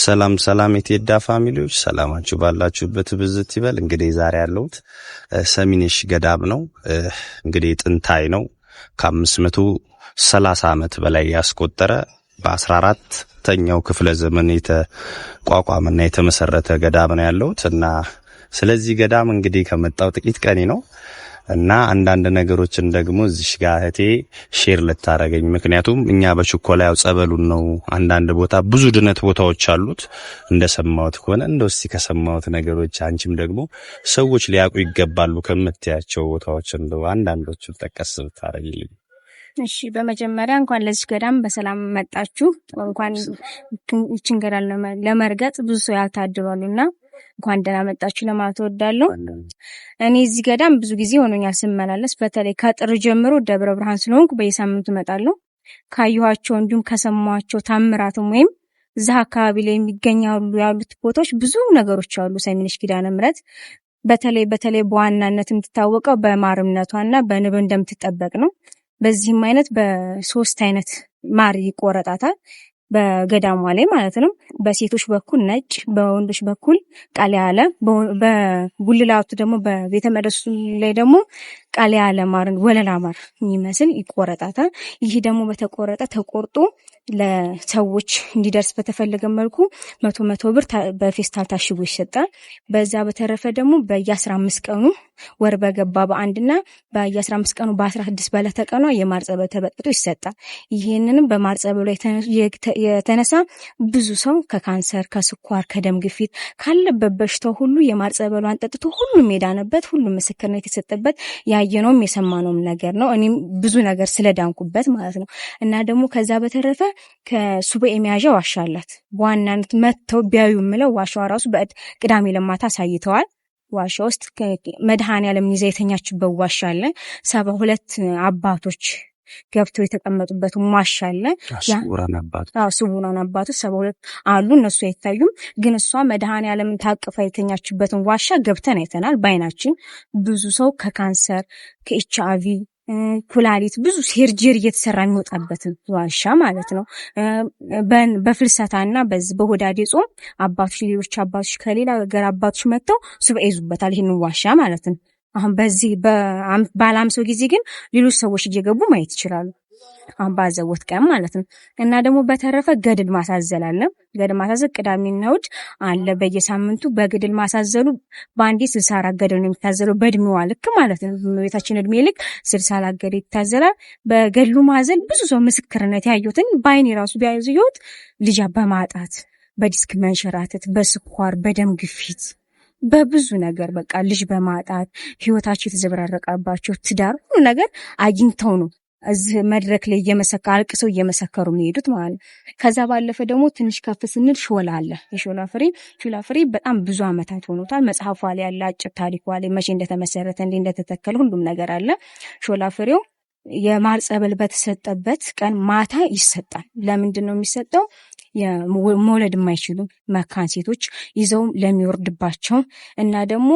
ሰላም ሰላም የቴዳ ፋሚሊዎች ሰላማችሁ ባላችሁበት ብዝት ይበል። እንግዲህ ዛሬ ያለሁት ሰሚነሽ ገዳም ነው። እንግዲህ ጥንታዊ ነው። ከአምስት መቶ ሰላሳ ዓመት በላይ ያስቆጠረ በአስራ አራተኛው ክፍለ ዘመን የተቋቋመና የተመሰረተ ገዳም ነው ያለሁት እና ስለዚህ ገዳም እንግዲህ ከመጣው ጥቂት ቀኔ ነው እና አንዳንድ ነገሮችን ደግሞ እዚሽ ጋር እህቴ ሼር ልታረገኝ። ምክንያቱም እኛ በችኮላ ያው ጸበሉን ነው አንዳንድ ቦታ ብዙ ድነት ቦታዎች አሉት እንደሰማሁት ከሆነ እንደው እስኪ ከሰማሁት ነገሮች አንቺም ደግሞ ሰዎች ሊያውቁ ይገባሉ ከምትያቸው ቦታዎች እንደው አንዳንዶቹ ጠቀስ ብታረግልኝ። እሺ በመጀመሪያ እንኳን ለዚህ ገዳም በሰላም መጣችሁ። እንኳን ይችን ገዳም ለመርገጥ ብዙ ሰው ያልታድሏሉ እና እንኳን ደህና መጣችሁ ለማለት እወዳለሁ። እኔ እዚህ ገዳም ብዙ ጊዜ ሆኖኛል ስመላለስ፣ በተለይ ከጥር ጀምሮ ደብረ ብርሃን ስለሆንኩ በየሳምንቱ እመጣለሁ። ካየኋቸው እንዲሁም ከሰማኋቸው ታምራትም ወይም እዛ አካባቢ ላይ የሚገኛሉ ያሉት ቦታዎች ብዙ ነገሮች አሉ። ሰሚነሽ ኪዳነ ምሕረት በተለይ በተለይ በዋናነት የምትታወቀው በማርነቷ እና በንብ እንደምትጠበቅ ነው። በዚህም አይነት በሶስት አይነት ማር ይቆረጣታል። በገዳሟ ላይ ማለት ነው። በሴቶች በኩል ነጭ፣ በወንዶች በኩል ቀላ ያለ፣ በጉልላቱ ደግሞ በቤተ መቅደሱ ላይ ደግሞ ቀለያ ለማርን ወለላ ማር የሚመስል ይቆረጣታል። ይህ ደግሞ በተቆረጠ ተቆርጦ ለሰዎች እንዲደርስ በተፈለገ መልኩ መቶ መቶ ብር በፌስታል ታሽጎ ይሰጣል። በዛ በተረፈ ደግሞ በየአስራ አምስት ቀኑ ወር በገባ በአንድና በየአስራ አምስት ቀኑ በአስራ ስድስት በለተ ቀኗ የማርጸበል ተበጥቶ ይሰጣል። ይህንንም በማርጸበሉ የተነሳ ብዙ ሰው ከካንሰር፣ ከስኳር፣ ከደም ግፊት ካለበት በሽታው ሁሉ የማርጸበሏን ጠጥቶ ሁሉም የዳነበት ሁሉም ምስክርነት የተሰጠበት ያየነውም የሰማነውም ነገር ነው። እኔም ብዙ ነገር ስለዳንኩበት ማለት ነው። እና ደግሞ ከዛ በተረፈ ከሱባኤ መያዣ ዋሻ አላት። በዋናነት መጥተው ቢያዩ የምለው ዋሻዋ ራሱ ቅዳሜ ለማታ አሳይተዋል። ዋሻ ውስጥ መድኃኔዓለም ይዛ የተኛችበት ዋሻ አለ። ሰባ ሁለት አባቶች ገብተው የተቀመጡበት ዋሻ አለ። ስውራን አባቶች ሰባ ሁለት አሉ። እነሱ አይታዩም፣ ግን እሷ መድሃን ዓለምን ታቅፋ የተኛችበትን ዋሻ ገብተን አይተናል በአይናችን። ብዙ ሰው ከካንሰር ከኤች አይቪ ኩላሊት ብዙ ሴርጀሪ እየተሰራ የሚወጣበትን ዋሻ ማለት ነው። እና በዚህ በሆዳዴ ጾም አባቶች ሌሎች አባቶች ከሌላ ሀገር አባቶች መጥተው ሱባኤ ይዙበታል ይህንን ዋሻ ማለት ነው። አሁን በዚህ ባላምሰው ጊዜ ግን ሌሎች ሰዎች እየገቡ ማየት ይችላሉ። አሁን ባዘቦት ቀን ማለት ነው። እና ደግሞ በተረፈ ገድል ማሳዘል አለ። ገድል ማሳዘል ቅዳሜና እሑድ አለ በየሳምንቱ በገድል ማሳዘሉ በአንዴ ስልሳ አራት ገድል ነው የሚታዘለው በእድሜዋ ልክ ማለት ነው። ቤታችን እድሜ ልክ ስልሳ አራት ገድል ይታዘላል። በገድሉ ማዘል ብዙ ሰው ምስክርነት ያዩትን በአይኔ ራሱ ቢያዙ ህይወት ልጃ በማጣት በዲስክ መንሸራተት፣ በስኳር፣ በደም ግፊት በብዙ ነገር በቃ ልጅ በማጣት ህይወታቸው የተዘበራረቀባቸው ትዳር ሁሉ ነገር አግኝተው ነው እዚህ መድረክ ላይ እየመሰከ አልቅሰው እየመሰከሩ የሚሄዱት ማለት ነው። ከዛ ባለፈ ደግሞ ትንሽ ከፍ ስንል ሾላ አለ። የሾላ ፍሬ ሾላ ፍሬ በጣም ብዙ ዓመታት ሆኖታል። መጽሐፏ ላይ ያለ አጭር ታሪኳ ላይ መቼ እንደተመሰረተ እንዴ እንደተተከለ ሁሉም ነገር አለ። ሾላ ፍሬው የማር ጸበል በተሰጠበት ቀን ማታ ይሰጣል። ለምንድን ነው የሚሰጠው? መውለድ የማይችሉ መካን ሴቶች ይዘው ለሚወርድባቸው እና ደግሞ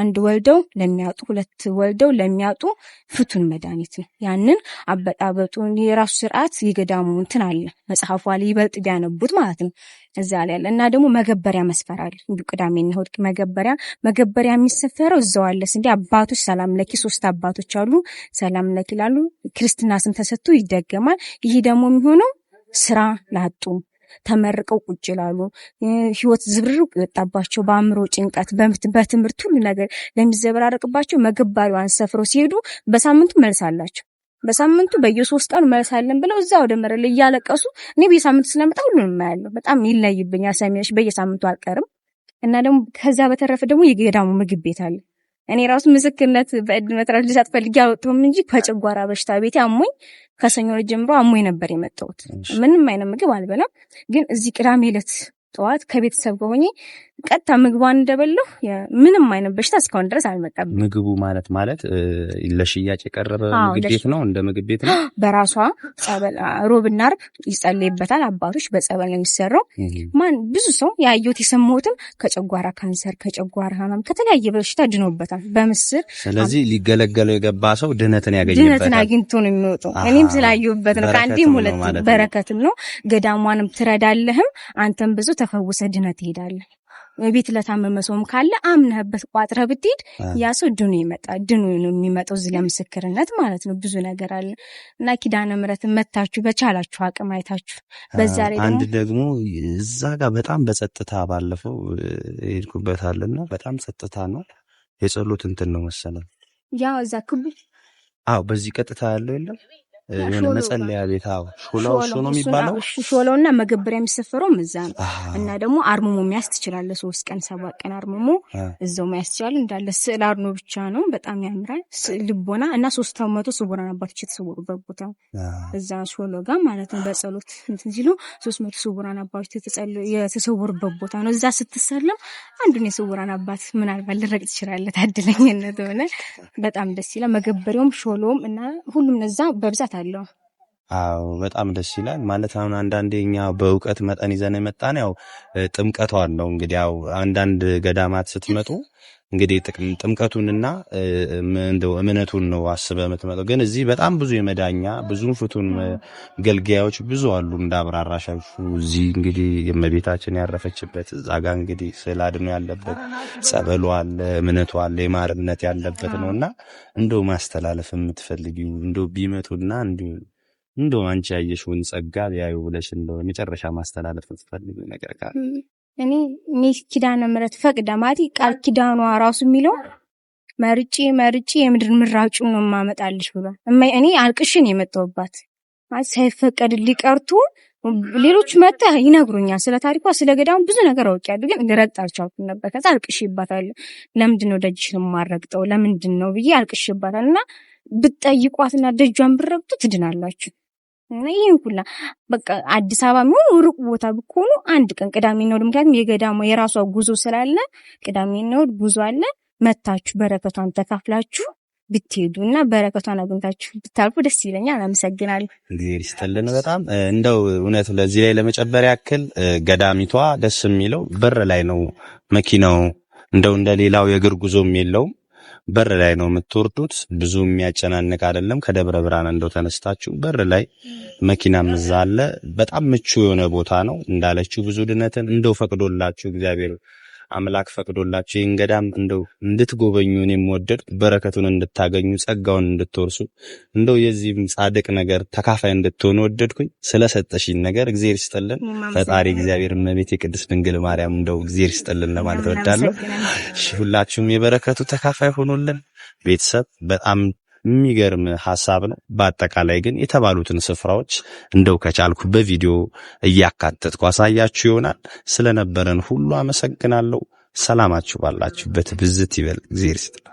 አንድ ወልደው ለሚያጡ ሁለት ወልደው ለሚያጡ ፍቱን መድኃኒት ነው። ያንን አበጣበጡን የራሱ ስርዓት የገዳሙ እንትን አለ መጽሐፏ ላይ ይበልጥ ቢያነቡት ማለት ነው እዛ ላይ ያለ እና ደግሞ መገበሪያ መስፈር አለ። ቅዳሜ ቅዳሜና እሑድ መገበሪያ መገበሪያ የሚሰፈረው እዛው አለ። ስንዴ አባቶች ሰላም ለኪ ሶስት አባቶች አሉ። ሰላም ለኪ ላሉ ክርስትና ስም ተሰጥቶ ይደገማል። ይህ ደግሞ የሚሆነው ስራ ላጡ ተመርቀው ቁጭ ላሉ ህይወት ዝብርቅ የወጣባቸው በአእምሮ ጭንቀት፣ በትምህርት ሁሉ ነገር ለሚዘበራረቅባቸው መግባሪዋን ሰፍረው ሲሄዱ በሳምንቱ መልስ አላቸው። በሳምንቱ በየሶስት ቀኑ መልስ አለን ብለው እዛ ወደ መረል እያለቀሱ እኔ በየሳምንቱ ስለመጣ ሁሉ የማያለው በጣም ይለይብኛል። ሰሚያሽ በየሳምንቱ አልቀርም እና ደግሞ ከዛ በተረፈ ደግሞ የገዳሙ ምግብ ቤት አለ። እኔ ራሱ ምስክርነት በእድል መጥራት ልጅ አትፈልጊ አልወጣሁም እንጂ ከጨጓራ በሽታ ቤቴ አሞኝ ከሰኞ ጀምሮ አሞኝ ነበር የመጣሁት። ምንም አይነት ምግብ አልበላም። ግን እዚህ ቅዳሜ ዕለት ጠዋት ከቤተሰብ ከሆኜ ቀጥታ ምግቧን እንደበለሁ ምንም አይነት በሽታ እስካሁን ድረስ አልመጣም። ምግቡ ማለት ማለት ለሽያጭ የቀረበ ምግብ ቤት ነው፣ እንደ ምግብ ቤት ነው። በራሷ ሮብና አርብ ይጸለይበታል። አባቶች በጸበል ነው የሚሰራው። ማን ብዙ ሰው ያየሁት የሰማሁትም ከጨጓራ ካንሰር፣ ከጨጓራ ህመም፣ ከተለያየ በሽታ ድኖበታል በምስር። ስለዚህ ሊገለገለው የገባ ሰው ድነትን ያገኝበታል። ድነትን አግኝቶ ነው የሚወጡ። እኔም ስላየሁበት ነው። ከአንዴም ሁለት በረከትም ነው። ገዳሟንም ትረዳለህም አንተም ብዙ ተፈውሰ ድነት ትሄዳለህ። ቤት ለታመመ ሰውም ካለ አምነህበት ቋጥረ ብትሄድ ያ ሰው ድኑ ይመጣል። ድኑ ነው የሚመጣው እዚህ ለምስክርነት ማለት ነው። ብዙ ነገር አለ እና ኪዳነ ምሕረትን መታችሁ በቻላችሁ አቅም አይታችሁ። በዛ ላይ አንድ ደግሞ እዛ ጋር በጣም በጸጥታ ባለፈው ሄድኩበታልና በጣም ጸጥታ ነው። የጸሎት እንትን ነው መሰለኝ ያው እዛ ክቡ አዎ፣ በዚህ ቀጥታ ያለው የለም የሆነ መጸለያ ቤት ሾላው ነው የሚባለው ሾላው እና መገበሪያ የሚሰፈረው እዛ ነው። እና ደግሞ አርምሞ መያዝ ትችላለህ። ሶስት ቀን ሰባት ቀን አርምሞ እዛው መያዝ ትችላለህ። እንዳለ ስዕል አድኖ ብቻ ነው። በጣም ያምራል። ልቦና እና ሶስት መቶ ስውራን አባቶች የተሰወሩበት ቦታ እዛ ሾሎ ጋር ማለት ነው። በጸሎት እንትን ሲሉ ሶስት መቶ ስውራን አባቶች የተሰወሩበት ቦታ ነው። እዛ ስትሰልም አንዱን የስውራን አባት ምናልባት ልረቅ ትችላለህ። ታድለኝነት ሆነ በጣም ደስ ይላል። መገበሪያውም ሾሎም እና ሁሉም ነዛ በብዛት አለው። አዎ በጣም ደስ ይላል። ማለት አሁን አንዳንዴ እኛ በእውቀት መጠን ይዘን የመጣን ያው ጥምቀቷን ነው። እንግዲህ ያው አንዳንድ ገዳማት ስትመጡ እንግዲህ ጥቅም ጥምቀቱንና እምነቱን ነው አስበ የምትመጣው። ግን እዚህ በጣም ብዙ የመዳኛ ብዙ ፍቱን መገልገያዎች ብዙ አሉ። እንደ አብራራሻሹ እዚህ እንግዲህ የእመቤታችን ያረፈችበት እዛ ጋ እንግዲህ ስዕል አድኖ ያለበት ጸበሉ አለ፣ እምነቱ አለ፣ የማርነት ያለበት ነው እና እንደው ማስተላለፍ የምትፈልጊው እንደው ቢመቱና እንዲሁ እንደው አንቺ ያየሽውን ጸጋ ያዩ ብለሽ እንደው የመጨረሻ ማስተላለፍ የምትፈልጊው ነገር ካለ እኔ ሚስ ኪዳነ ምህረት ፈቅደ ማለት ቃል ኪዳኗ ራሱ የሚለው መርጬ መርጬ የምድር ምራጩ ነው የማመጣልሽ ብሏል። እኔ አልቅሽን የመጣሁባት ማለት ሳይፈቀድ ሊቀርቱ ሌሎች መጣ ይነግሩኛል። ስለ ታሪኳ ስለ ገዳሙ ብዙ ነገር አውቄያለሁ፣ ግን ልረግጥ አልቻልኩም ነበር። ከዛ አልቅሽባታለሁ። ለምንድን ነው ደጅሽን የማረግጠው? ለምንድን ነው ብዬ አልቅሽባታል እና ብትጠይቋትና ደጇን ብረግጡ ትድናላችሁ። ይህን ሁላ በቃ አዲስ አበባ የሚሆን ሩቅ ቦታ ብኮኑ አንድ ቀን ቅዳሜ ነውድ፣ ምክንያቱም የገዳማ የራሷ ጉዞ ስላለ ቅዳሜ ነውድ ጉዞ አለ። መታችሁ በረከቷን ተካፍላችሁ ብትሄዱ እና በረከቷን አግኝታችሁ ብታልፉ ደስ ይለኛል። አመሰግናለሁ። እግዚአብሔር ይስጥልን። በጣም እንደው እውነት ለዚህ ላይ ለመጨበር ያክል ገዳሚቷ ደስ የሚለው በር ላይ ነው መኪናው፣ እንደው እንደ ሌላው የእግር ጉዞም የለውም በር ላይ ነው የምትወርዱት። ብዙ የሚያጨናንቅ አይደለም። ከደብረ ብርሃን እንደው ተነስታችሁ በር ላይ መኪናም እዛ አለ። በጣም ምቹ የሆነ ቦታ ነው። እንዳለችው ብዙ ድነትን እንደው ፈቅዶላችሁ እግዚአብሔር አምላክ ፈቅዶላችሁ ይህን ገዳም እንደው እንድትጎበኙ እኔም ወደድ በረከቱን እንድታገኙ ጸጋውን እንድትወርሱ እንደው የዚህም ጻድቅ ነገር ተካፋይ እንድትሆኑ ወደድኩኝ። ስለሰጠሽኝ ነገር እግዚአብሔር ይስጥልን። ፈጣሪ እግዚአብሔር እመቤት የቅድስት ድንግል ማርያም እንደው እግዚአብሔር ይስጥልን ለማለት እወዳለሁ። ሁላችሁም የበረከቱ ተካፋይ ሆኖልን ቤተሰብ በጣም የሚገርም ሀሳብ ነው። በአጠቃላይ ግን የተባሉትን ስፍራዎች እንደው ከቻልኩ በቪዲዮ እያካተትኩ አሳያችሁ ይሆናል። ስለነበረን ሁሉ አመሰግናለሁ። ሰላማችሁ ባላችሁበት ብዝት ይበል። እግዚአብሔር ይስጥልኝ።